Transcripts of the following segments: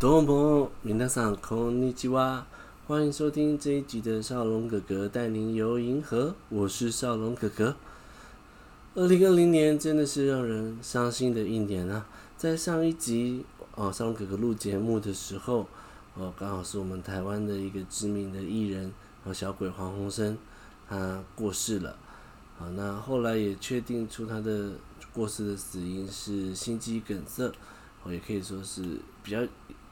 どうも，朋友，皆さん、こんにちは。歡迎收聽這一集的少龍哥哥帶您遊銀河，我是少龍哥哥。二零二零年真的是讓人傷心的一年啊！在上一集哦，少龍哥哥錄節目的時候，哦，剛好是我們台灣的一個知名的藝人，哦，小鬼黃鴻升，他過世了。好、哦，那後來也確定出他的過世的死因是心肌梗塞。也可以說是比較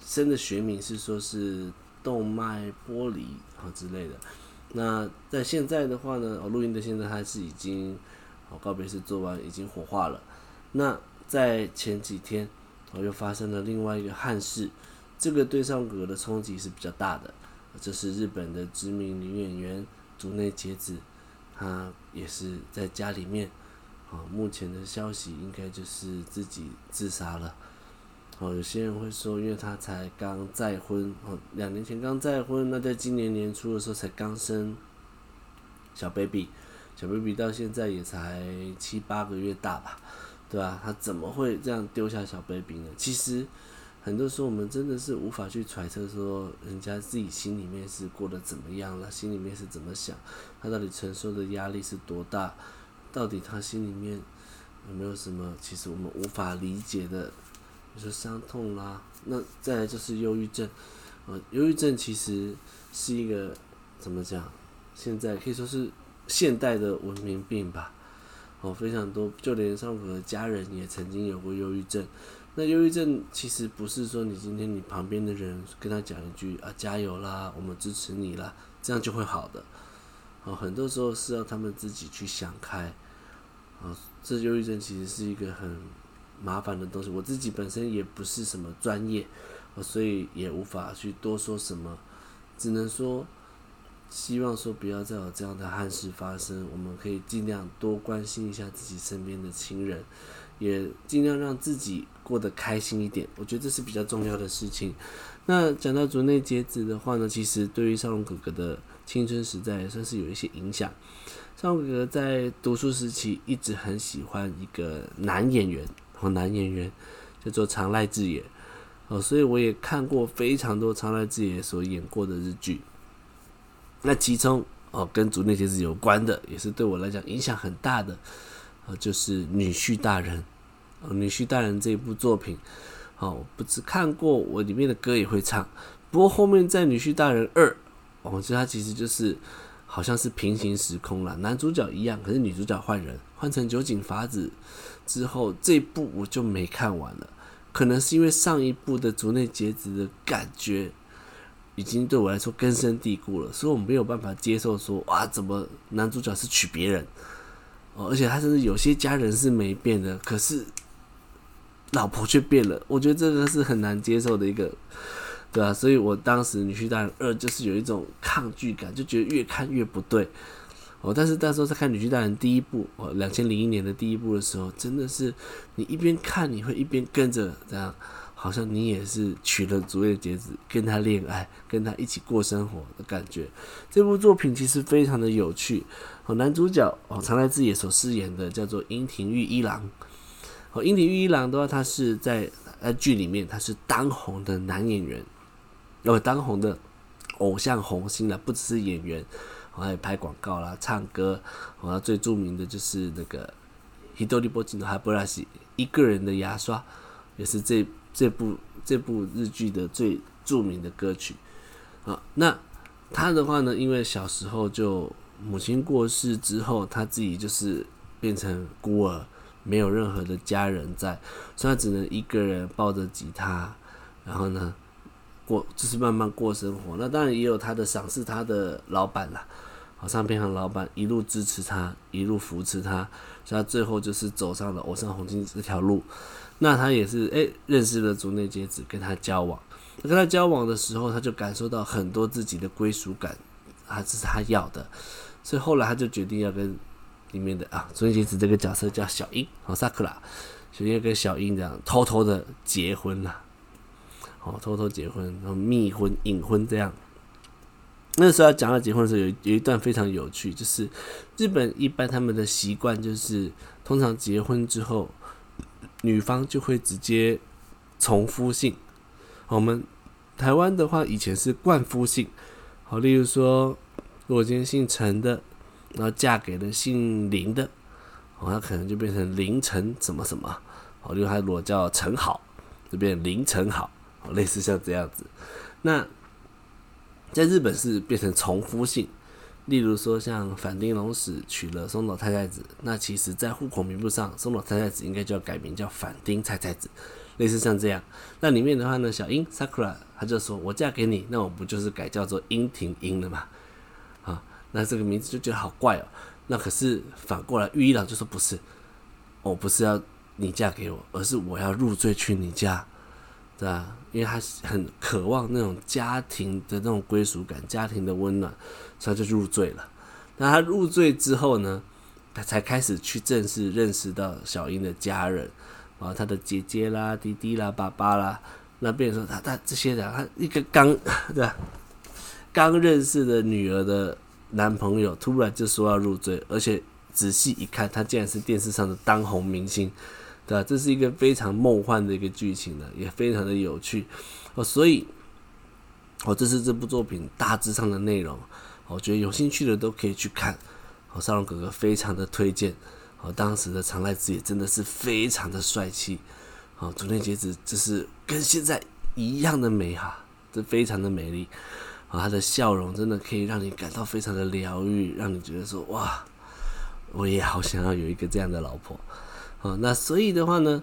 深的學名是說是動脈剝離啊之類的。那在現在的話呢，錄音的現在還是已經啊告別式做完，已經火化了。那在前幾天，我又發生了另外一個憾事，這個對上格的衝擊是比較大的。這是日本的知名女演員竹內結子，她也是在家裡面，啊，目前的消息應該就是自己自殺了。哦，有些人會說，因為他才剛再婚，哦，兩年前剛再婚，那在今年年初的時候才剛生小 baby，小 baby 到現在也才七八個月大吧，對吧？他怎麼會這樣丟下小 baby 呢？其實，很多時候我們真的是無法去揣測說，人家自己心裡面是過得怎麼樣了，心裡面是怎麼想，他到底承受的壓力是多大，到底他心裡面有沒有什麼，其實我們無法理解的。比如說傷痛啦，那再來就是憂鬱症，啊、呃，憂鬱症其實是一個怎麼講？現在可以說是現代的文明病吧。哦、呃，非常多，就連上我的家人也曾經有過憂鬱症。那憂鬱症其實不是說你今天你旁邊的人跟他講一句啊，加油啦，我們支持你啦，這樣就會好的。哦、呃，很多時候是要他們自己去想開。啊、呃，這憂鬱症其實是一個很。麻煩的東西，我自己本身也不是什麼專業，所以也無法去多說什麼，只能說，希望說不要再有這樣的憾事發生。我們可以盡量多關心一下自己身邊的親人，也盡量讓自己過得開心一點。我覺得這是比較重要的事情。那講到竹內結子的話呢，其實對於少龍哥哥的青春時代也算是有一些影響。少龍哥哥在讀書時期一直很喜歡一個男演員。男演員叫做長瀨智也哦，所以我也看過非常多長瀨智也所演過的日劇。那其中哦，跟竹內結子有關的，也是對我來講影響很大的哦，就是《女婿大人》，哦，《女婿大人》這一部作品哦，我不只看過，我裡面的歌也會唱。不過後面在《女婿大人二》，我覺得他其實就是好像是平行時空了，男主角一樣，可是女主角換人，換成酒井法子。之後這一部我就沒看完了，可能是因為上一部的竹內結子的感覺已經對我來說根深蒂固了，所以我沒有辦法接受說哇，怎麼男主角是娶別人？哦，而且他甚至有些家人是沒變的，可是老婆卻變了，我覺得這個是很難接受的一個，對吧、啊？所以我當時《女婿大人二》就是有一種抗拒感，就覺得越看越不對。哦，但是那時候在看《女婿大人》第一部，哦，兩千零一年的第一部的時候，真的是你一邊看，你會一邊跟着這樣，好像你也是娶了竹內結子，跟他戀愛，跟他一起過生活的感覺。這部作品其實非常的有趣。哦，男主角哦，長瀨智也所飾演的叫做櫻庭裕一郎。哦，櫻庭裕一郎的話，他是在呃劇裡面他是當紅的男演員，哦，當紅的偶像紅星了，不只是演員。我還拍廣告啦，唱歌。我最著名的就是那個《Hitori no Haburashi》一個人的牙刷，也是這這部這部日劇的最著名的歌曲。啊，那他的話呢，因為小時候就母親過世之後，他自己就是變成孤兒，沒有任何的家人在，所以他只能一個人抱着吉他，然後呢。過就是慢慢過生活，那當然也有他的賞識，他的老闆啦，好像邊的老闆一路支持他，一路扶持他，所以他最後就是走上了偶像紅星這條路。那他也是誒、欸，認識了竹內結子，跟他交往。跟他交往的時候他就感受到很多自己的歸屬感，啊這是他要的，所以後來他就決定要跟裡面的啊竹內結子這個角色叫小櫻啊薩克拉，所以要跟小櫻這樣偷偷的結婚了。好，偷偷結婚，然後密婚、隱婚這樣。那時候講到結婚的時候有，有有一段非常有趣，就是日本一般他們的習慣就是，通常結婚之後，女方就會直接從夫姓。我們台灣的話，以前是冠夫姓。好，例如說，如果今天姓陳的，然後嫁給了姓林的，好，她可能就變成林陳什麼什麼。好，例如他如果叫陳好，就變林陳好。類似像這樣子，那在日本是變成重複性，例如說像反町隆史娶了松島菜菜子，那其實，在戶口名簿上，松島菜菜子應該就要改名叫反町菜菜子，類似像這樣。那裡面的話呢，小櫻 Sakura，她就說，我嫁給你，那我不就是改叫做櫻庭櫻了嗎？啊，那這個名字就覺得好怪哦。那可是反過來，裕一郎就說不是，我不是要你嫁給我，而是我要入贅去你家，對吧、啊？因為他很渴望那種家庭的那種歸屬感、家庭的溫暖，所以他就入贅了。那他入贅之後呢，他才開始去正式認識到小英的家人，然後他的姐姐啦、弟弟啦、爸爸啦，那變成他他，他這些人，他一個剛對吧，剛認識的女兒的男朋友，突然就說要入贅，而且仔細一看，他竟然是電視上的當紅明星。對啊，這是一個非常夢幻的一個劇情呢，也非常的有趣哦。所以，我、哦、這是這部作品大致上的內容、哦。我覺得有興趣的都可以去看。哦，少龍哥哥非常的推薦。哦，當時的常賴子也真的是非常的帥氣。哦，昨天截止就是跟現在一樣的美哈、啊，這非常的美麗。哦，他的笑容真的可以讓你感到非常的療癒，讓你覺得說，哇，我也好想要有一個這樣的老婆。啊、哦，那所以的話呢，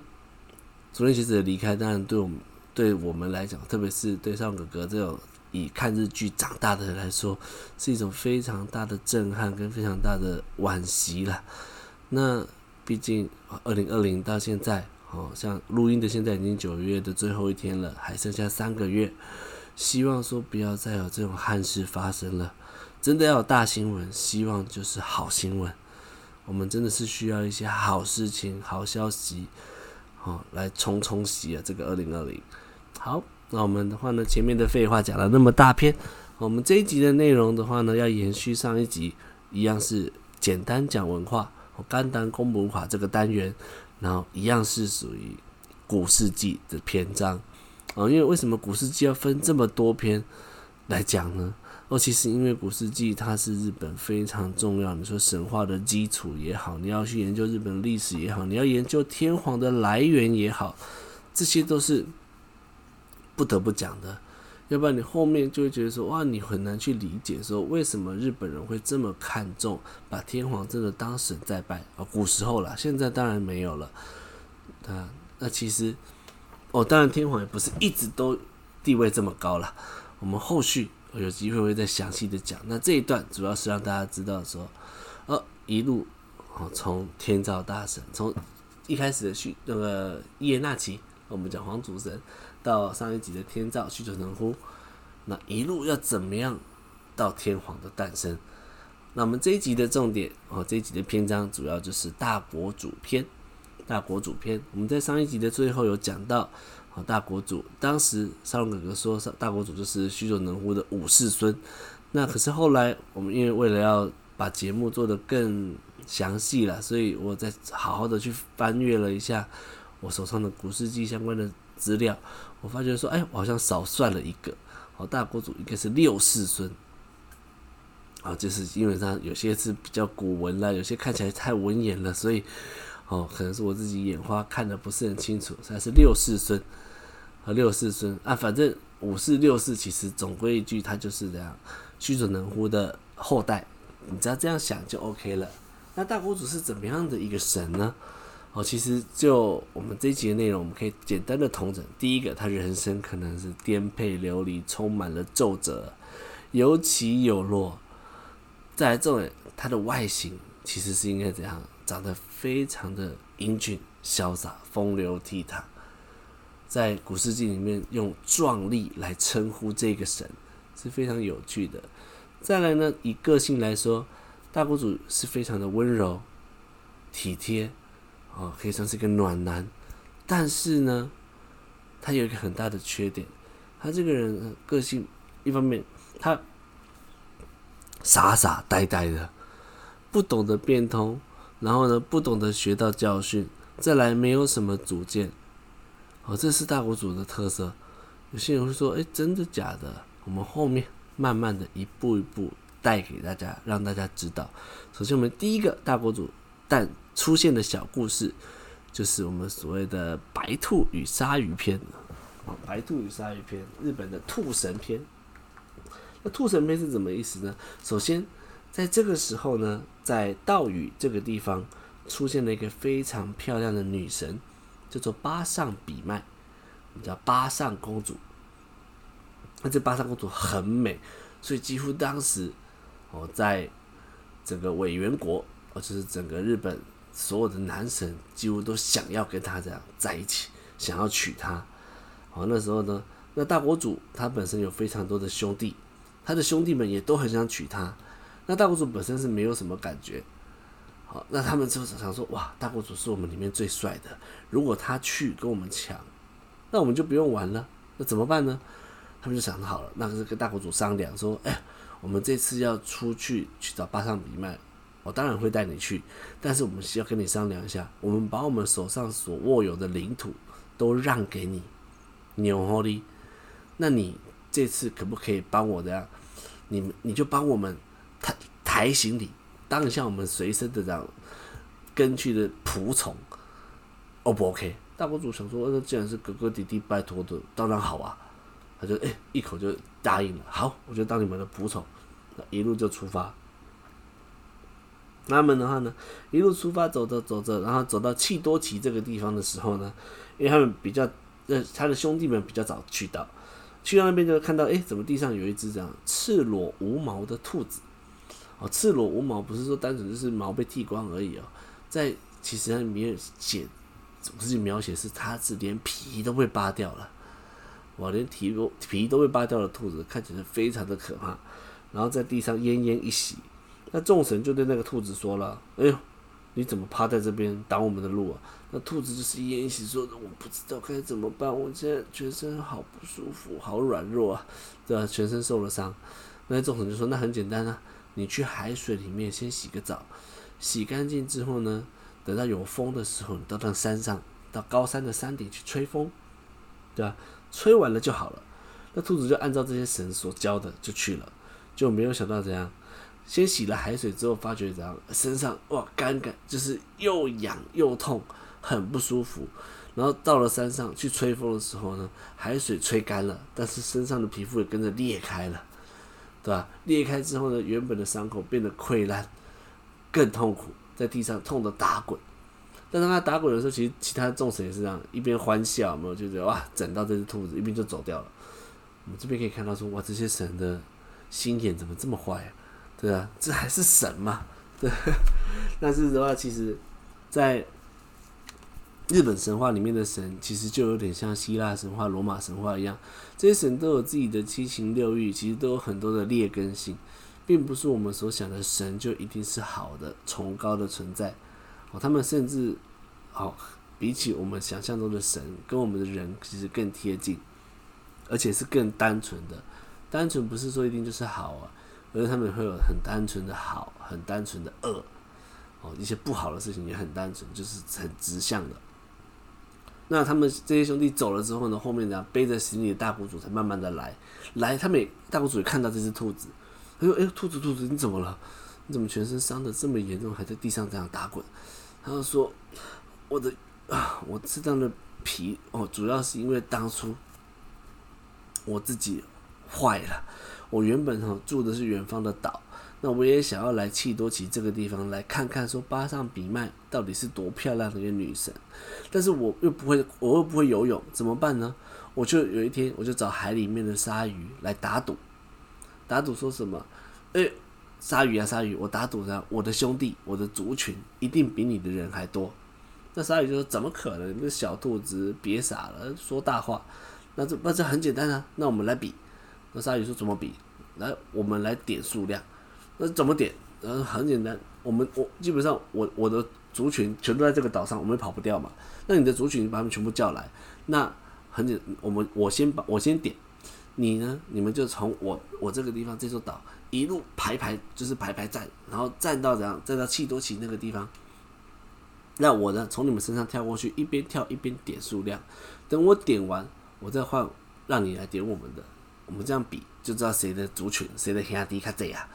竹內結子離開，當然對我們、對我們來講，特別是對少龍葛格這種以看日劇長大的人來說，是一種非常大的震撼跟非常大的惋惜了。那畢竟二零二零到現在，哦，像錄音的現在已經九月的最後一天了，還剩下三個月，希望說不要再有這種憾事發生了。真的要有大新聞，希望就是好新聞。我們真的是需要一些好事情、好消息，啊、哦，來沖沖喜啊！這個二零二零。好，那我們的話呢，前面的廢話講了那麼大篇、哦，我們這一集的內容的話呢，要延續上一集，一樣是簡單講文化，簡單講文化這個單元，然後一樣是屬於古事記的篇章。啊、哦，因為為什麼古事記要分這麼多篇來講呢？哦，其實因為古事記它是日本非常重要，你說神話的基礎也好，你要去研究日本歷史也好，你要研究天皇的來源也好，這些都是不得不講的，要不然你後面就會覺得說哇，你很難去理解說為什麼日本人會這麼看重把天皇真的當神在拜啊，哦，古時候啦，現在當然沒有了。對啊，那其實哦，當然天皇也不是一直都地位這麼高了，我們後續。我有機會會再詳細的講。那這一段主要是讓大家知道說，哦，一路哦從天照大神，從一開始的去那個伊邪那岐，我們講皇祖神，到上一集的天照去九重窟，那一路要怎麼樣到天皇的誕生？那我們這一集的重點哦，這一集的篇章主要就是大國主篇，大國主篇。我們在上一集的最後有講到。啊，大國主當時少龍葛格說，大國主就是須佐能乎的五世孫。那可是後來我們因為為了要把節目做得更詳細了，所以我再好好的去翻閱了一下我手上的古事記相關的資料，我發覺說，哎，我好像少算了一個。哦，大國主應該是六世孫。啊，這、就是因為他有些是比較古文啦，有些看起來太文言了，所以。哦，可能是我自己眼花看的不是很清楚，才是六世孫和六世孫啊。反正五世六世，其實總歸一句，他就是這樣，須佐能乎的後代。你只要這樣想就 OK 了。那大國主是怎麼樣的一個神呢？哦，其實就我們這一集的內容，我們可以簡單的統整。第一個，他人生可能是顛沛流離，充滿了皺褶，有起有落。再來，這種他的外形其實是應該這樣。長得非常的英俊、瀟灑、風流倜儻，在古事記裡面用壯麗來稱呼這個神是非常有趣的。再來呢，以個性來說，大國主是非常的溫柔、體貼，哦，可以算是個暖男。但是呢，他有一個很大的缺點，他這個人個性一方面他傻傻呆呆的，不懂得變通。然後呢，不懂得學到教訓，再來沒有什麼主見，好，哦，這是大國主的特色。有些人會說，哎，真的假的？我們後面慢慢的一步一步帶給大家，讓大家知道。首先，我們第一個大國主，但出現的小故事，就是我們所謂的白兔與鯊魚篇、《白兔與鯊魚篇》。啊。《白兔與鯊魚篇》，日本的《兔神篇》。那《兔神篇》是什麼意思呢？首先。在這個時候呢，在稻羽這個地方出現了一個非常漂亮的女神，叫做八上比賣，我們叫八上公主。那、啊、這八上公主很美，所以幾乎當時我、哦、在整個葦原國，或、哦、者、就是整個日本，所有的男神幾乎都想要跟她這樣在一起，想要娶她。哦，那時候呢，那大國主他本身有非常多的兄弟，他的兄弟們也都很想娶她。那大國主本身是沒有什麼感覺，好，那他們就是想說：“哇，大國主是我們裡面最帥的。如果他去跟我們搶，那我們就不用玩了。那怎麼辦呢？他們就想好了，那個跟大國主商量說：‘哎、欸，我們這次要出去去找八上比賣，我當然會帶你去，但是我們需要跟你商量一下，我們把我們手上所握有的領土都讓給你，牛，有力，那你這次可不可以幫我的、啊？你你就幫我們。”他，抬行李，當一下我們隨身的這樣跟去的僕從，O 不 OK？大國主想說，哦、那既然是哥哥弟弟拜托的，當然好啊。他就哎、欸、一口就答應了，好，我就當你們的僕從。一路就出發。那他們的話呢，一路出發走着走着，然後走到契多奇這個地方的時候呢，因為他們比較，呃，他的兄弟們比較早去到，去到那邊就看到，哎、欸，怎麼地上有一只這樣赤裸無毛的兔子？哦，赤裸無毛不是說單純就是毛被剃光而已哦，在其實描寫，不是描寫是它是連皮都被扒掉了。哇，連皮都皮都被扒掉了，兔子看起來非常的可怕，然後在地上奄奄一息。那眾神就對那個兔子說了：“哎呦，你怎麼趴在這邊擋我們的路啊？”那兔子就是奄奄一息，說：“我不知道該怎麼辦，我現在全身好不舒服，好軟弱啊，對吧，啊？全身受了傷。”那眾神就說：“那很簡單啊。”你去海水裡面先洗個澡，洗乾淨之後呢，等到有風的時候，你到那山上，到高山的山頂去吹風，對吧？吹完了就好了。那兔子就按照這些神所教的就去了，就沒有想到怎樣，先洗了海水之後，發覺怎樣，身上哇乾乾，就是又癢又痛，很不舒服。然後到了山上去吹風的時候呢，海水吹乾了，但是身上的皮膚也跟着裂開了。對吧、啊？裂開之後呢，原本的傷口變得潰爛，更痛苦，在地上痛得打滾。但當他打滾的時候，其實其他眾神也是這樣，一邊歡笑有沒有，沒就覺、是、得哇，整到這只兔子，一邊就走掉了。我們這邊可以看到說，哇，這些神的心眼怎麼這麼壞、啊？對啊，這還是神嗎？對、啊。但是,是的話，其實，在日本神話裡面的神其實就有點像希臘神話、羅馬神話一樣，這些神都有自己的七情六欲，其實都有很多的劣根性，並不是我們所想的神就一定是好的、崇高的存在。哦，他們甚至，哦，比起我們想象中的神，跟我們的人其實更貼近，而且是更單純的。單純不是說一定就是好啊，而且他們會有很單純的好，很單純的惡，哦，一些不好的事情也很單純，就是很直向的。那他們這些兄弟走了之後呢？後面呢背着行李的大國主才慢慢的來，來，他們大國主也看到這隻兔子，他說：“哎、欸，兔子，兔子，你怎麼了？你怎麼全身傷得這麼嚴重，還在地上這樣打滾？”他就說：“我的啊，我吃這樣的皮哦，主要是因為當初我自己壞了，我原本、哦、住的是遠方的島。”那我也想要來契多奇這個地方來看看，說八上比賣到底是多漂亮的一個女神，但是我又不會，我又不會游泳，怎麼辦呢？我就有一天，我就找海裡面的鯊魚來打賭，打賭說什麼？誒、欸，鯊魚啊，鯊魚，我打賭啊，我的兄弟，我的族群一定比你的人還多。那鯊魚就說：怎麼可能？那小兔子別傻了，說大話。那這那這很簡單啊，那我們來比。那鯊魚說：怎麼比？來，我們來點數量。那怎麼點？嗯，很簡單，我們我基本上我我的族群全都在這個島上，我們跑不掉嘛。那你的族群，你把他們全部叫來。那很簡單，我們我先把我先點，你呢？你們就從我我這個地方這座島一路排排就是排排站，然後站到怎樣？站到氣多奇那個地方。那我呢，從你們身上跳過去，一邊跳一邊點數量。等我點完，我再換讓你來點我們的。我們這樣比就知道誰的族群誰的兄弟仔卡濟啊。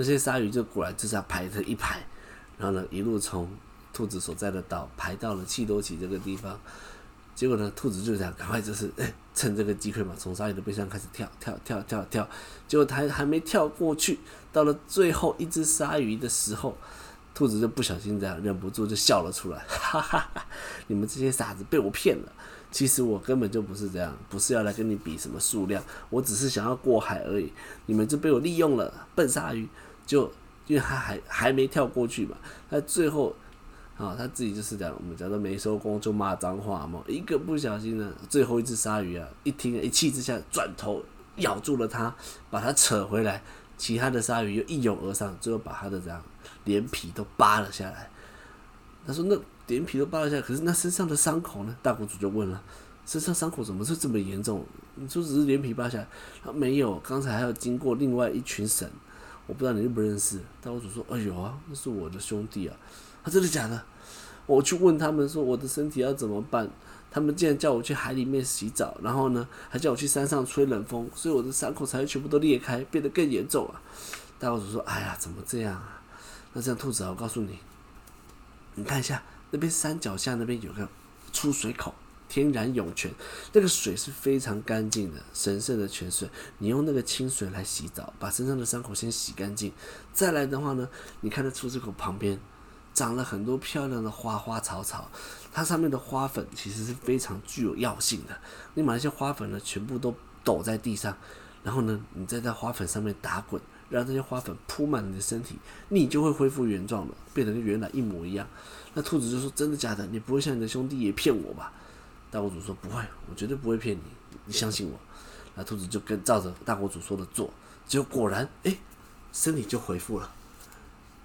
那些鯊魚就果然就這樣排成一排，然後呢，一路從兔子所在的島排到了氣多奇這個地方。結果呢，兔子就這樣，趕快就是，欸、趁這個機會嘛，從鯊魚的背上開始跳，跳，跳，跳，跳。結果它還，還沒跳過去，到了最後一隻鯊魚的時候，兔子就不小心這樣，忍不住就笑了出來，哈哈哈！你們這些傻子被我騙了，其實我根本就不是這樣，不是要來跟你比什麼數量，我只是想要過海而已。你們就被我利用了，笨鯊魚。就因為他還還沒跳過去嘛，他最後啊、哦，他自己就是講我們講的沒收工就罵髒話嘛，一個不小心呢，最後一隻鯊魚啊，一聽一氣之下轉頭咬住了他，把他扯回來，其他的鯊魚又一擁而上，最後把他的這樣連皮都扒了下來。他說：“那連皮都扒了下來，可是那身上的傷口呢？”大國主就問了：“身上傷口怎麼是這麼嚴重？你說只是連皮扒下來，他沒有，剛才還要經過另外一群神。”我不知道你認不認識，大國主說：“哎呦啊，那是我的兄弟啊，他、啊、真的假的？”我去問他們說：“我的身體要怎麼辦？”他們竟然叫我去海裡面洗澡，然後呢，還叫我去山上吹冷風，所以我的傷口才會全部都裂開，變得更嚴重啊！大國主說：“哎呀，怎麼這樣啊？那這樣，兔子、啊，我告訴你，你看一下那邊山腳下那邊有個出水口。”天然湧泉，那個水是非常乾淨的，神聖的泉水。你用那個清水來洗澡，把身上的傷口先洗乾淨。再來的話呢，你看得出這個旁邊長了很多漂亮的花花草草，它上面的花粉其實是非常具有藥性的。你把那些花粉呢全部都抖在地上，然後呢，你再在花粉上面打滾，讓這些花粉鋪滿你的身體，你就會恢復原狀了，變成跟原來一模一樣。那兔子就說：“真的假的？你不會像你的兄弟也騙我吧？”大國主說：“不會，我絕對不會騙你，你相信我。啊。”那兔子就跟照着大國主說的做，結果，果然哎，欸、身體就恢復了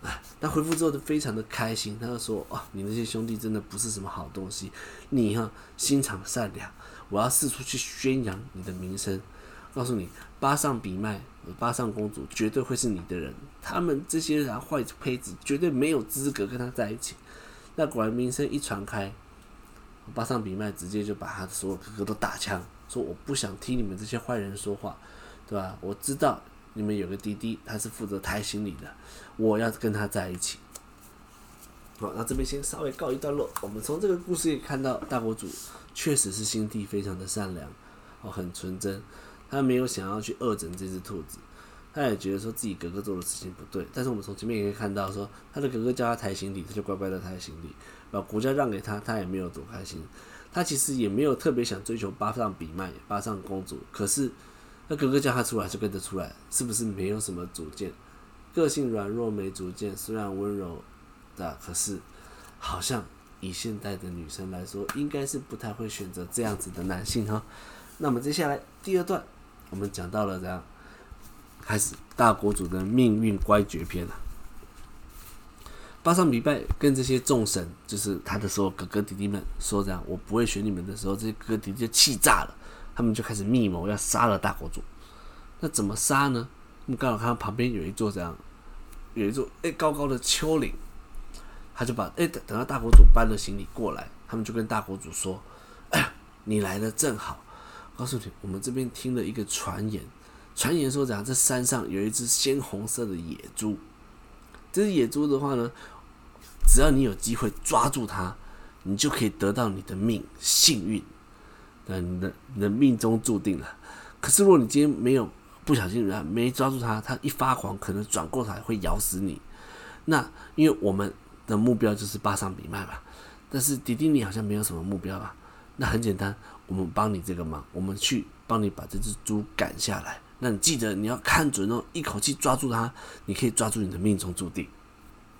唉。哎，他恢復之後就非常的開心，他就說：“哦，你那些兄弟真的不是什麼好東西，你哈、啊、心腸善良，我要四處去宣揚你的名聲，告訴你，八上比賣，八上公主絕對會是你的人，他們這些人啊、壞胚子絕對沒有資格跟他在一起。”那果然名聲一傳開。八上比賣直接就把他的所有哥哥都打槍，說，我不想聽你們這些壞人說話，對吧？我知道你們有個弟弟，他是負責抬行李的，我要跟他在一起。好，那這邊先稍微告一段落。我們從這個故事也看到，大國主確實是心地非常的善良，哦，很純真，他沒有想要去惡整這隻兔子，他也覺得說自己哥哥做的事情不對。但是我們從前面也可以看到，說他的哥哥叫他抬行李，他就乖乖的抬行李。把國家讓給他，他也沒有多開心。他其實也沒有特別想追求八上比賣，八上公主。可是，那哥哥叫他出來就跟着出來，是不是沒有什麼主見？個性軟弱沒主見，雖然溫柔的，可是好像以現代的女生來說，應該是不太會選擇這樣子的男性哈。那麼接下來第二段，我們講到了這樣，開始大國主的命運乖絕篇了。八上比賣跟這些眾神，就是他的時候，哥哥弟弟們說：“這樣，我不會選你們的時候，這些哥哥弟弟就氣炸了，他們就開始密謀要殺了大國主。那怎麼殺呢？我們剛好看到旁邊有一座這樣，有一座誒、欸、高高的丘陵，他就把誒、欸、等等到大國主搬了行李過來，他們就跟大國主說：‘哎、你來的正好，我告訴你，我們這邊聽了一個傳言，傳言說這樣，這山上有一隻鮮紅色的野豬。’這隻野豬的話呢？”只要你有機會抓住它，你就可以得到你的命、幸運，那你的，你的命中注定了。可是如果你今天沒有不小心，沒抓住它，它一發狂，可能轉過頭來會咬死你。那因為我們的目標就是八上比賣嘛。但是弟弟你好像沒有什麼目標吧？那很簡單，我們幫你這個忙，我們去幫你把這只豬趕下來。那你記得你要看準哦，一口氣抓住它，你可以抓住你的命中注定。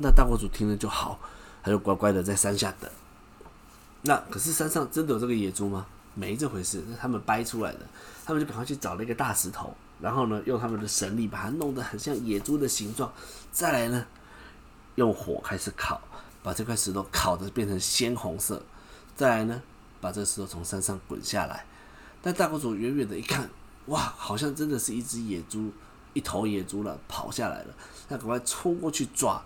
那大國主聽了就好，他就乖乖的在山下等。那可是山上真的有這個野豬嗎？沒這回事，是他們掰出來的。他們就趕快去找了一個大石頭，然後呢，用他們的神力把它弄得很像野豬的形狀。再來呢，用火開始烤，把這塊石頭烤得變成鮮紅色。再來呢，把這石頭從山上滾下來。但大國主遠遠的一看，哇，好像真的是一隻野豬，一頭野豬了，跑下來了。他趕快衝過去抓。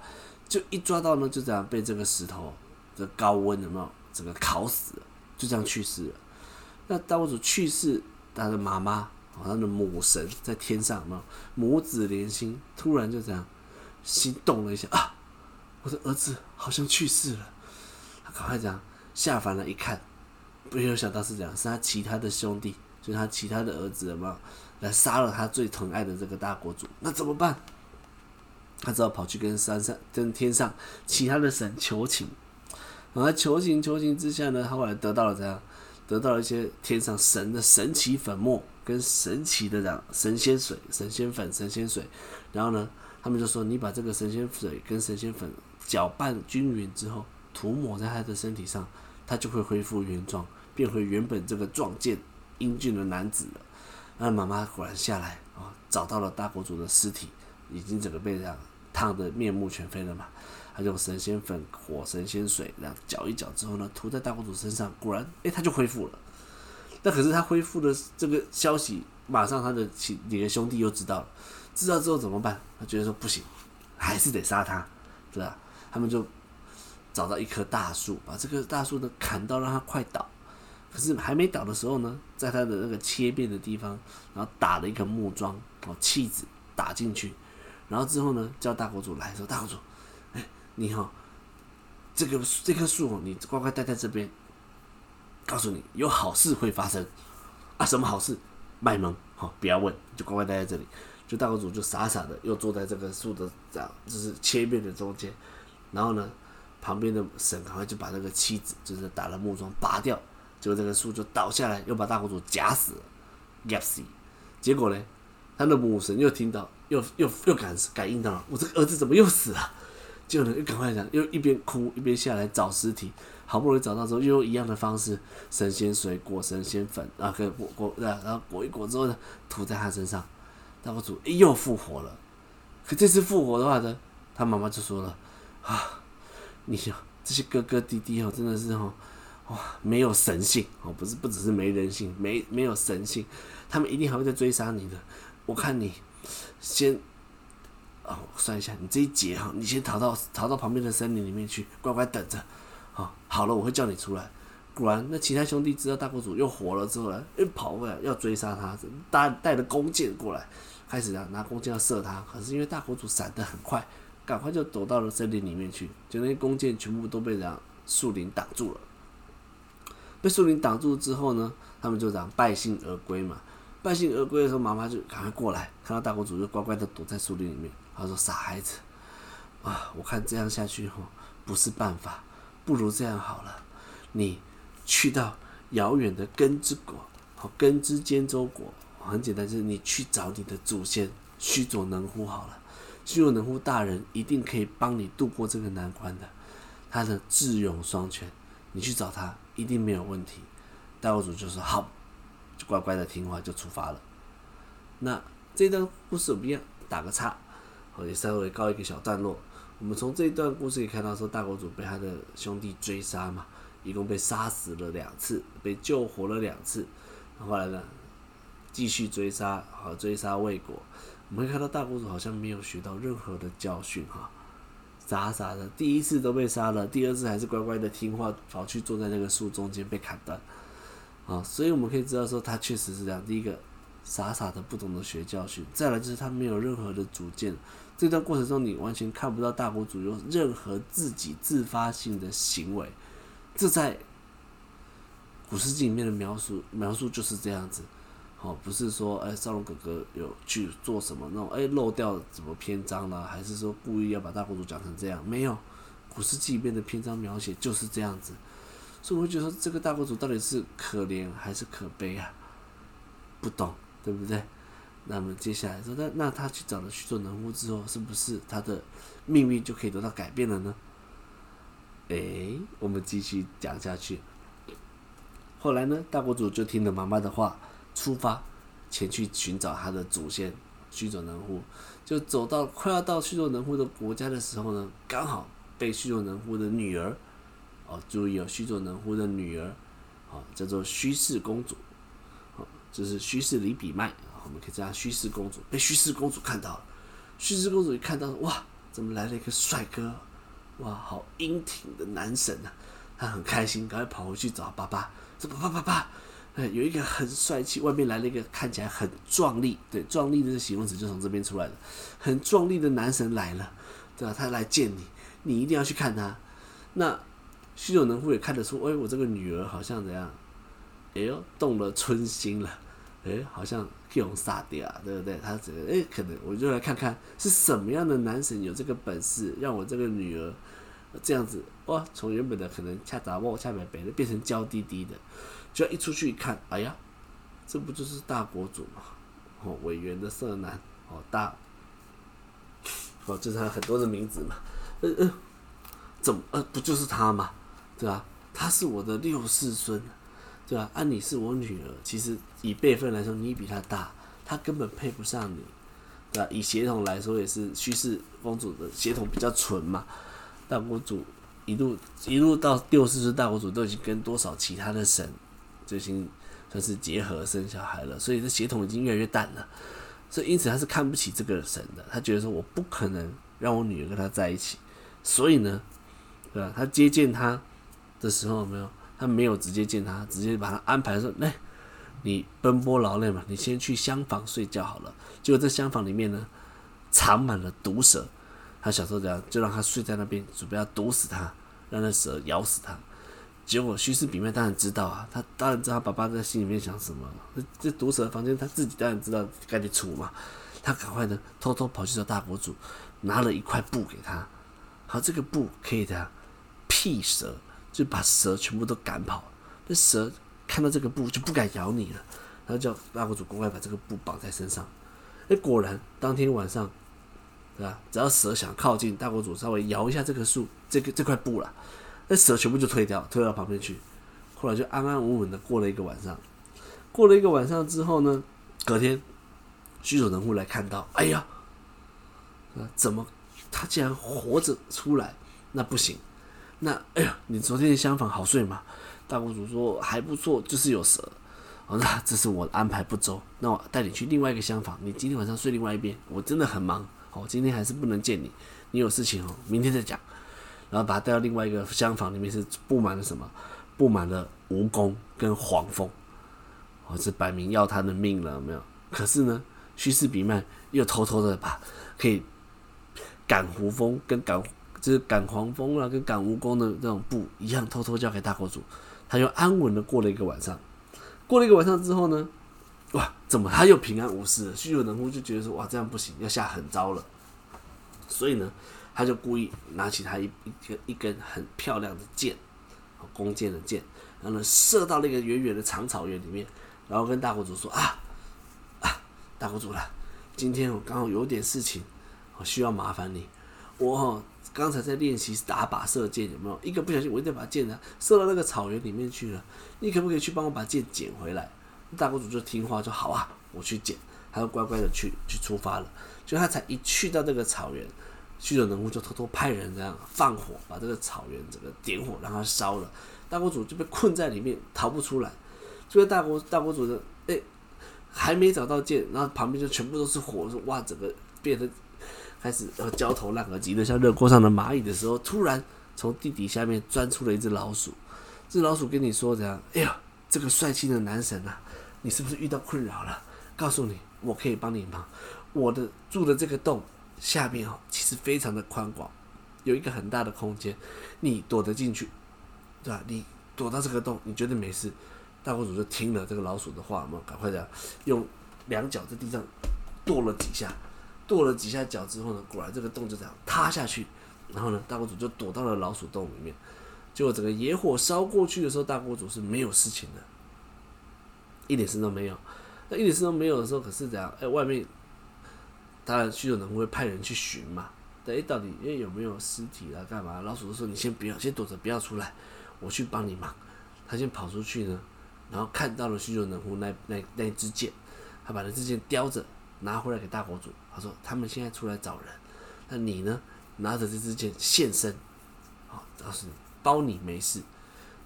就一抓到呢，就這樣被這個石頭的、這個、高溫的嘛，這整個烤死了，就這樣去世了。那大國主去世，他的媽媽他的母神在天上嘛，母子連心，突然就這樣心動了一下啊！我的兒子好像去世了，他趕快這樣下凡了一看，沒有想到是這樣，是他其他的兄弟，就是他其他的兒子有沒有來殺了他最疼愛的這個大國主。那怎麼辦？他只好跑去跟山上、跟天上其他的神求情，然後他求情、求情之下呢，他後來得到了這樣，得到了一些天上神的神奇粉末跟神奇的神仙水、神仙粉、神仙水。然後呢，他們就說：“你把這個神仙水跟神仙粉攪拌均勻之後，塗抹在他的身體上，他就會恢復原狀，變回原本這個壯健英俊的男子了。”那媽媽果然下來啊，哦，找到了大國主的屍體。已經整個被這樣燙得面目全非了嘛？他就用神仙粉、火神仙水，然後攪一攪之後呢，塗在大國主身上，果然，哎，他就恢復了。那可是他恢復的這個消息，馬上他的親你的兄弟又知道了。知道之後怎麼辦？他覺得說不行，還是得殺他，對吧？他們就找到一棵大樹，把這棵大樹呢砍到，讓它快倒。可是還沒倒的時候呢，在他的那個切片的地方，然後打了一個木樁哦，然後楔子打進去。然後之後呢，叫大國主來說：“大國主，哎，你好、哦，這個這棵、個、樹哦，你乖乖待在這邊。告訴你，有好事會發生，啊，什麼好事？賣萌，哈，哦，不要問，就乖乖待在這裡。就大國主就傻傻的又坐在這個樹的，這就是切面的中間。然後呢，旁邊的神趕快就把那個妻子就是打了木樁拔掉，結果這個樹就倒下來，又把大國主夾死了。Gypsy 結果呢，他的母神又聽到。”又又又感感應到了，我這個兒子怎麼又死了啊？就人又趕快講，又一邊哭一邊下來找屍體，好不容易找到之後，又用一樣的方式，神仙水果、裹神仙粉啊，給裹裹，對，啊，然後裹一裹之後呢，塗在他身上，大國主又復活了。可這次復活的話呢，他媽媽就說了啊，你啊這些哥哥弟弟哦，真的是哦，哇，沒有神性哦，不是不只是沒人性，沒沒有神性，他們一定還會再追殺你的，我看你，先，哦，算一下，你這一劫哈，你先逃到逃到旁邊的森林裡面去，乖乖等着，好、哦，好了，我會叫你出來。果然，那其他兄弟知道大國主又活了之後呢，又跑過來要追殺他，大帶着弓箭過來，開始拿拿弓箭要射他，可是因為大國主閃得很快，趕快就躲到了森林裡面去，就那些弓箭全部都被人樹林擋住了。被樹林擋住之後呢，他們就這樣敗興而歸嘛。敗興而歸的時候，媽媽就趕快過來，看到大國主就乖乖地躲在樹林裡面。她說：“傻孩子啊，我看這樣下去後，不是辦法，不如這樣好了，你去到遙遠的根之國和根之堅州國，很簡單，就是你去找你的祖先須佐能乎好了。須佐能乎大人一定可以幫你度過這個難關的，他的智勇雙全，你去找他一定沒有問題。”大國主就說：“好。”就乖乖的聽話，就出發了。那這段故事我們要打個岔，好，也稍微告一個小段落。我們從這一段故事裡看到，說大國主被他的兄弟追殺嘛，一共被殺死了兩次，被救活了兩次。後來呢，繼續追殺，好，追殺未果。我們會看到大國主好像沒有學到任何的教訓哈，傻傻的，第一次都被殺了，第二次還是乖乖的聽話，跑去坐在那個樹中間被砍斷。啊、哦，所以我們可以知道說，他確實是這樣。第一個，傻傻的不懂得學教訓；再來就是他沒有任何的主見。這段過程中，你完全看不到大國主有任何自己自發性的行為。這在《古事記》裡面的描述描述就是這樣子。哦，不是說哎、欸、少龍葛格有去做什麼那種，哎、欸、漏掉了什麼篇章啦、啊，還是說故意要把大國主講成這樣？沒有，《古事記》裡面的篇章描寫就是這樣子。所以我覺得說，這個大國主到底是可憐還是可悲啊？不懂，對不對？那麼接下來說，那那他去找了須佐能乎之後，是不是他的命運就可以得到改變了呢？誒，我們繼續講下去。後來呢，大國主就聽了媽媽的話，出發前去尋找他的祖先須佐能乎。就走到快要到須佐能乎的國家的時候呢，剛好被須佐能乎的女兒。哦，注意哦，須佐能乎的女兒，哦，叫做須氏公主，哦，就是須氏裡比麥，哦，我們可以這樣，須氏公主。被須氏公主看到了，須氏公主一看到，哇，怎麼來了一個帥哥？哇，好英挺的男神吶，啊！她很開心，趕快跑回去找爸爸。說爸爸爸爸？有一個很帥氣，外面來了一個看起來很壯麗，對，壯麗的形容詞就從這邊出來了，很壯麗的男神來了，對吧？他來見你，你一定要去看他。那許久農夫也看得出，哎，我這個女兒好像怎樣？哎呦，動了春心了，哎，好像被紅殺掉，對不對？他覺得，哎，可能我就來看看是什麼樣的男神有這個本事，讓我這個女兒這樣子哇，從原本的可能恰雜冒、恰白的，變成嬌滴滴的，就要一出去一看，哎呀，這不就是大國主嘛？哦，委員的色男，哦大，哦，就是他很多的名字嘛，呃、嗯、呃、嗯，怎麼？呃，不就是他嗎？對吧、啊？他是我的六世孫，對吧、啊？按、啊、理是我女兒。其實以輩分來說，你比他大，他根本配不上你，對吧、啊？以血統來說，也是須勢理公主的血統比較純嘛。大國主一路一路到六世孫大國主，都已經跟多少其他的神，就已經算是結合生小孩了。所以這血統已經越來越淡了。所以因此他是看不起這個神的。他覺得說，我不可能讓我女兒跟他在一起。所以呢，對吧、啊？他接見他。這時候沒有，他沒有直接見他，直接把他安排說：“那、欸、你奔波勞累嘛，你先去廂房睡覺好了。”結果在廂房裡面呢，藏滿了毒蛇。他小時候這樣，就讓他睡在那邊，準備要毒死他，讓那蛇咬死他。結果虛實比麥當然知道啊，他當然知道他爸爸在心裡面想什麼。這毒蛇的房間，他自己當然知道該得出嘛。他趕快呢，偷偷跑去找大國主，拿了一塊布給他。好，這個布可以的，辟蛇。就把蛇全部都趕跑，那蛇看到這個布就不敢咬你了。然後叫大國主趕快把這個布綁在身上。那果然當天晚上，是吧？只要蛇想靠近大國主，稍微搖一下這棵樹，這個這塊布了，那蛇全部就退掉，退到旁邊去。後來就安安穩穩的過了一個晚上。過了一個晚上之後呢，隔天劇組人物來看到，哎呀，怎麼他竟然活着出來？那不行。那哎呀，你昨天的廂房好睡嗎？大國主說還不錯，就是有蛇。哦，那這是我安排不周。那我帶你去另外一個廂房，你今天晚上睡另外一邊。我真的很忙，我、哦、今天還是不能見你。你有事情哦，明天再講。然後把他帶到另外一個廂房裡面是布滿了什麼？布滿了蜈蚣跟黃蜂。哦，這擺明要他的命了有沒有？可是呢，虛氏比慢，又偷偷的把可以趕胡蜂跟趕。就是趕狂風了、啊，跟趕蜈蚣的這種布一樣，偷偷交給大國主，他又安穩的過了一個晚上。過了一個晚上之後呢，哇，怎麼他又平安無事了？虛有能夫就覺得說，哇，這樣不行，要下狠招了。所以呢，他就故意拿起他一一個一根很漂亮的箭，弓箭的箭，然後射到那個遠遠的長草原裡面，然後跟大國主說啊啊，大國主了，今天我剛好有點事情，我需要麻煩你。我、哦，剛才在練習打靶射箭，有沒有一個不小心，我一定把箭呢射到那個草原裡面去了。你可不可以去幫我把箭撿回來？大國主就聽話，就好啊，我去撿，他就乖乖的去去出發了。就他才一去到那個草原，匈奴人就偷偷派人這樣放火，把這個草原整個點火，讓它燒了。大國主就被困在裡面，逃不出來。這個大國大國主呢，哎、欸，還沒找到箭，然後旁邊就全部都是火，說哇，整個變得。開、呃、始焦頭爛額，急得像熱鍋上的螞蟻的時候，突然從地底下面鑽出了一只老鼠。這老鼠跟你說怎樣？哎呀，這個帥氣的男神啊，你是不是遇到困擾了？告訴你，我可以幫你忙。我的住的這個洞下面哦，其實非常的寬廣，有一個很大的空間，你躲得進去，對吧？你躲到這個洞，你絕對沒事。大國主就聽了這個老鼠的話，我們趕快的用兩腳在地上跺了幾下。跺了幾下腳之後呢，果然這個洞就這樣塌下去。然後呢，大國主就躲到了老鼠洞裡面。結果整個野火燒過去的時候，大國主是沒有事情的，一點事都沒有。那一點事都沒有的時候，可是這樣？哎、欸，外面當然須佐能乎會派人去尋嘛。對、欸，到底因為、欸、有沒有屍體啊？幹嘛？老鼠說：“你先不要，先躲着，不要出來，我去幫你忙。”他先跑出去呢，然後看到了須佐能乎那那那支箭，他把那支箭叼着拿回來給大國主。他說：“他們現在出來找人，那你呢？拿着這支箭現身，啊、哦，告訴你包你沒事。”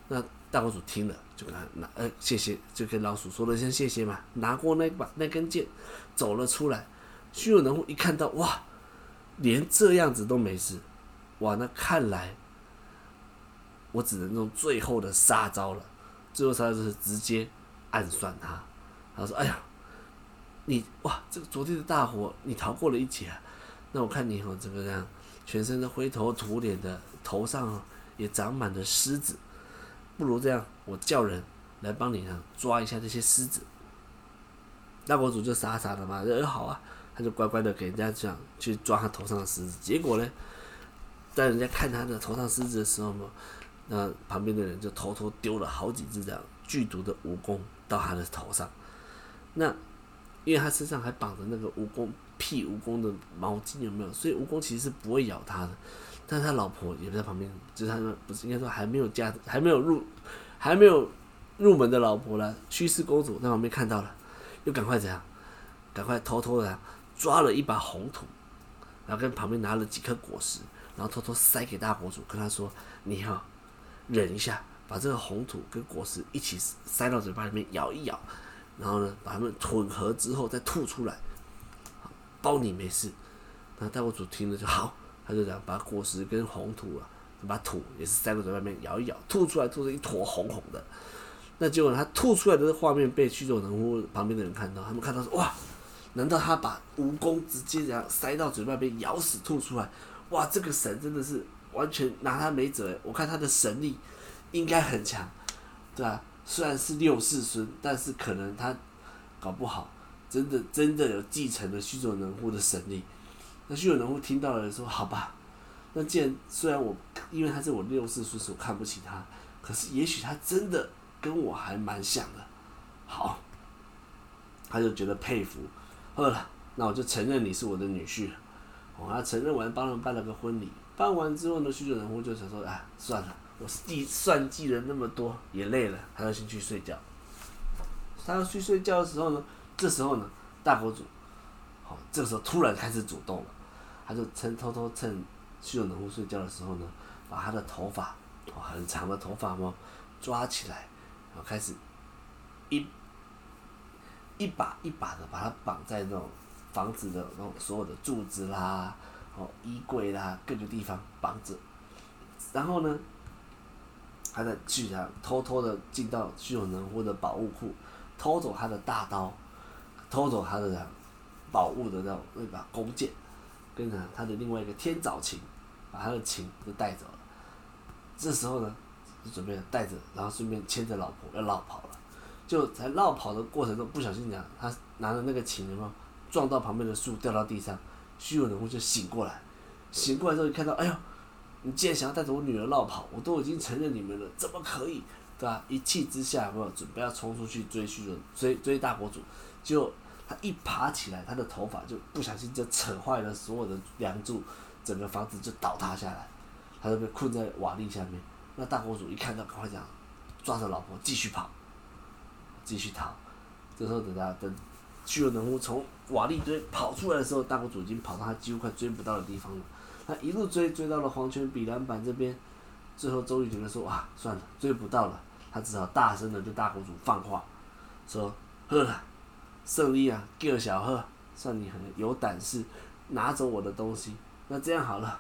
那大老鼠聽了，就跟他拿、呃，謝謝，就跟老鼠說了聲謝謝嘛。拿過那把那根箭，走了出來。須佐之男一看到，哇，連這樣子都沒事，哇，那看來我只能用最後的殺招了。最後殺招就是直接暗算他。他說：“哎呀。”你哇，這個昨天的大火，你逃過了一劫，啊、那我看你吼這個樣，全身都灰頭土臉的，頭上也長滿了虱子，不如這樣，我叫人來幫你、啊、抓一下這些虱子。大國主就傻傻的嘛，人好啊，他就乖乖的給人家講去抓他頭上的虱子，結果呢，在人家看他的頭上虱子的時候嘛，那旁邊的人就偷偷丟了好幾隻這樣劇毒的蜈蚣到他的頭上，那。因為他身上還綁着那個蜈蚣屁蜈蚣的毛巾，有沒有？所以蜈蚣其實是不會咬他的。但他老婆也不在旁邊，就是他們不是應該說還沒有嫁，還沒有入，還沒有入門的老婆了。虛氏公主在旁邊看到了，又趕快怎樣？趕快偷偷的抓了一把紅土，然後跟旁邊拿了幾顆果實，然後偷偷塞給大國主，跟他說：“你好，忍一下，把這個紅土跟果實一起塞到嘴巴裡面咬一咬。”然後呢，把它們混合之後再吐出來，包你沒事。那大國主聽了就好，他就講把果實跟紅土啊，把土也是塞到嘴巴邊咬一咬，吐出來吐成一坨紅紅的。那結果呢，他吐出來的畫面被驅走人巫旁邊的人看到，他們看到說，哇，難道他把蜈蚣直接這樣塞到嘴巴邊咬死吐出來？哇，這個神真的是完全拿他沒轍。我看他的神力應該很強，對吧？啊？雖然是六世孫，但是可能他搞不好，真的真的有繼承了須佐能乎的神力。那須佐能乎聽到了說：“好吧，那既然雖然我，因為他是我六世孫，叔，看不起他，可是也許他真的跟我還蠻像的。”好，他就覺得佩服，餓了，那我就承認你是我的女婿。我、哦、還承認完，幫他們辦了個婚禮，辦完之後呢，須佐能乎就想說：“哎，算了。”我計算計了那麼多，也累了，他要先去睡覺。他要去睡覺的時候呢，這時候呢，大國主，好、哦，這個時候突然開始主動了，他就趁，偷偷趁虛奴農夫睡覺的時候呢，把他的頭髮，哦，很長的頭髮抓起來，然後開始一一把一把的把他綁在那種房子的那種所有的柱子啦，哦，衣櫃啦，各個地方綁着，然後呢，他在居然偷偷地有的進到虛無能或者寶物庫，偷走他的大刀，偷走他的寶物的那那把弓箭，跟著他的另外一個天詔琴，把他的琴都帶走了。這時候呢，就準備帶着，然後順便牽着老婆要落跑了。就在落跑的過程中，不小心講他拿着那個琴，然後撞到旁邊的樹，掉到地上。虛無能就醒過來，醒過來之後就看到，哎呦！你既然想要帶着我女兒落跑，我都已經承認你們了，怎麼可以？對吧、啊？一氣之下有有，準備要衝出去追須佐，追追大國主。就他一爬起來，他的頭髮就不小心就扯壞了所有的梁柱，整個房子就倒塌下來，他就被困在瓦礫下面。那大國主一看到，趕快講，抓着老婆繼續跑，繼續逃。這個、時候等他等須佐之男從瓦礫堆跑出來的時候，大國主已經跑到他幾乎快追不到的地方了。他一路追，追到了黃泉比良坂這邊，最後終於只能說：“啊，算了，追不到了。”他只好大聲的對大國主放話：“說，呵，勝利啊，叫小賀，算你很有膽識，拿走我的東西。那這樣好了，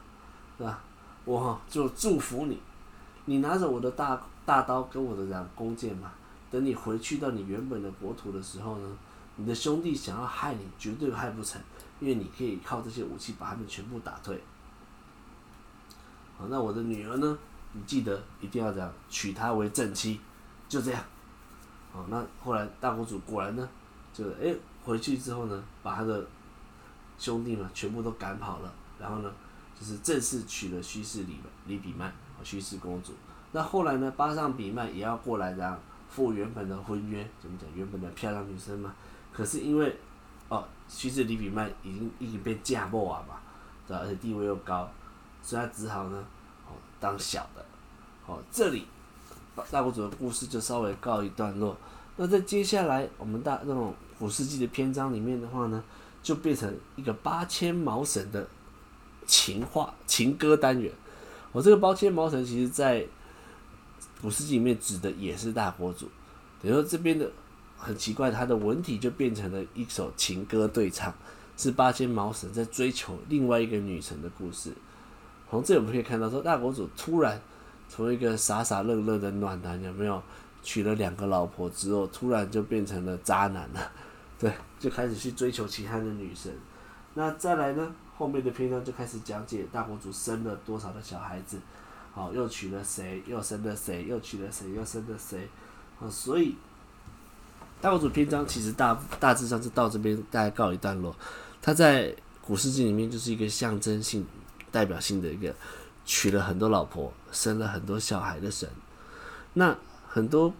是吧？我、哦、就祝福你，你拿着我的大大刀跟我的兩弓箭嘛。等你回去到你原本的國土的時候呢，你的兄弟想要害你，絕對害不成，因為你可以靠這些武器把他們全部打退。”那我的女兒呢？你記得一定要這樣娶她為正妻，就這樣。好、哦，那後來大公主果然呢，就是哎、欸、回去之後呢，把他的兄弟們全部都趕跑了，然後呢就是正式娶了虛氏里里比曼，虛氏公主。那後來呢，巴桑比曼也要過來這樣赴原本的婚約，怎麼講？原本的漂亮女生嘛。可是因為哦，虛氏里比曼已經已經變嫁沒了嘛，而且地位又高，所以，他只好呢，哦，當小的。哦，這裡大國主的故事就稍微告一段落。那在接下來，我們大那種古事記的篇章裡面的話呢，就變成一個八千毛神的情話、情歌單元。我、哦、這個八千毛神，其實在古事記裡面指的也是大國主。等於說這，這邊的很奇怪，他的文體就變成了一首情歌對唱，是八千毛神在追求另外一個女神的故事。從這裡我們可以看到，說大國主突然從一個傻傻愣愣的暖男，有沒有娶了兩個老婆之後，突然就變成了渣男了？對，就開始去追求其他的女生。那再來呢？後面的篇章就開始講解大國主生了多少的小孩子，好，又娶了誰，又生了誰，又娶了誰，又生了誰。啊，所以大國主篇章其實大大致上是到這邊大概告一段落。他在古事記裡面就是一個象徵性。代表性的一個娶了很多老婆，生了很多小孩的神，那很多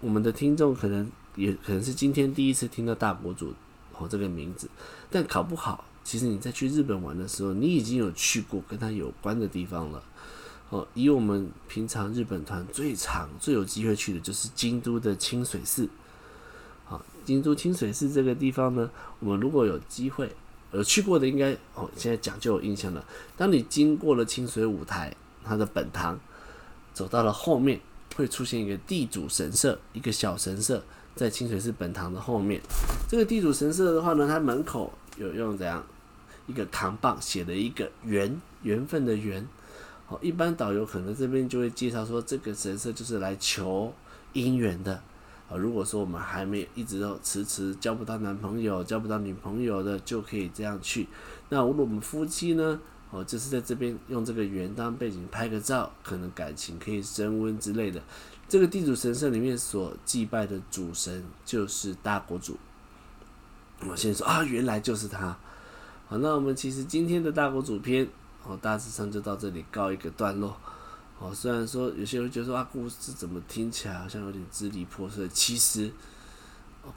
我們的聽眾可能也可能是今天第一次聽到大國主哦這個名字，但搞不好，其實你在去日本玩的時候，你已經有去過跟他有關的地方了哦。以我們平常日本團最常，最有機會去的就是京都的清水寺。好，京都清水寺這個地方呢，我們如果有機會，有去過的應該哦，現在講就有印象了。當你經過了清水舞台，它的本堂，走到了後面，會出現一個地主神社，一個小神社，在清水寺本堂的後面。這個地主神社的話呢，它門口有用怎樣一個扛棒寫了一個緣，緣分的緣。哦，一般導遊可能這邊就會介紹說，這個神社就是來求姻緣的。啊，如果說我們還沒有一直都遲遲交不到男朋友、交不到女朋友的，就可以這樣去。那如果我們夫妻呢，哦，就是在這邊用這個緣當背景拍個照，可能感情可以升溫之類的。這個地主神社裡面所祭拜的主神就是大國主。我先說啊，原來就是他。好，那我們其實今天的大國主篇，哦，大致上就到這裡告一個段落。哦，雖然說有些人會覺得說啊，故事怎麼聽起來好像有點支離破碎，其實，《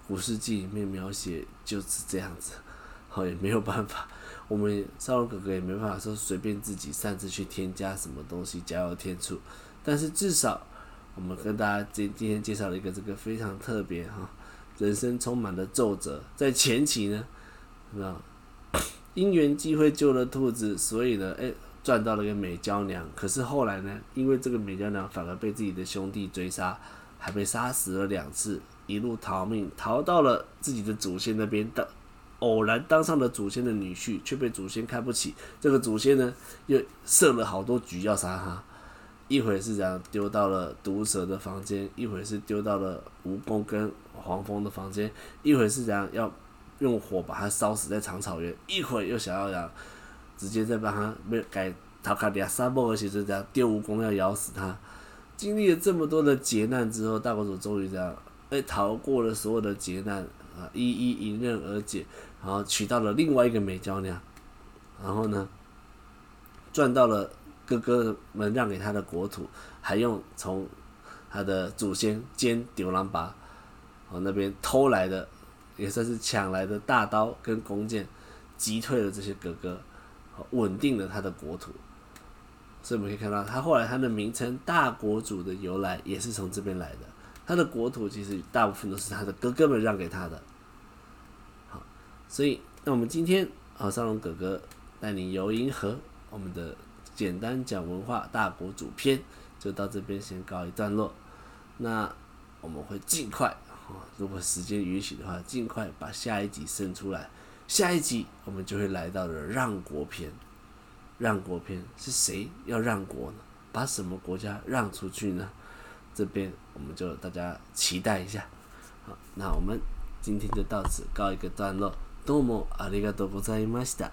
古事記》裡面描寫就是這樣子，哦，也沒有辦法，我們《少龍哥哥》也沒辦法說隨便自己擅自去添加什麼東西，加油添醋。但是至少我們跟大家今今天介紹了一個這個非常特別哈，人生充滿了皺褶，在前期呢，啊，因緣際會救了兔子，所以呢，哎、欸。賺到了一個美嬌娘，可是後來呢？因為這個美嬌娘反而被自己的兄弟追殺，還被殺死了兩次，一路逃命，逃到了自己的祖先那邊，到偶然當上了祖先的女婿，卻被祖先看不起。這個祖先呢，又設了好多局要殺他，一會是這樣丟到了毒蛇的房間，一會是丟到了蜈蚣跟黃蜂的房間，一會是怎樣要用火把他燒死在長草原，一會又想要讓。直接在幫他沒改逃卡迪亞、沙漠，而且這樣丟蜈蚣要咬死他。經歷了這麼多的劫難之後，大國主終於這樣被逃過了所有的劫難，啊一一迎刃而解，然後娶到了另外一個美嬌娘，然後呢，賺到了哥哥們讓給他的國土，還用從他的祖先兼丟郎拔哦那邊偷來的也算是搶來的大刀跟弓箭擊退了這些哥哥。穩定了他的國土，所以我們可以看到，他後來他的名稱“大國主”的由來也是從這邊來的。他的國土其實大部分都是他的哥哥們讓給他的。好，所以那我們今天啊，少龍葛格帶你遊銀河，我們的簡單講文化“大國主”篇就到這邊先告一段落。那我們會盡快，如果時間允許的話，盡快把下一集生出來。下一集我們就會來到了讓國篇，讓國篇是誰要讓國呢？把什麼國家讓出去呢？這邊我們就大家期待一下。好，那我們今天就到此告一個段落。どうもありがとうございました。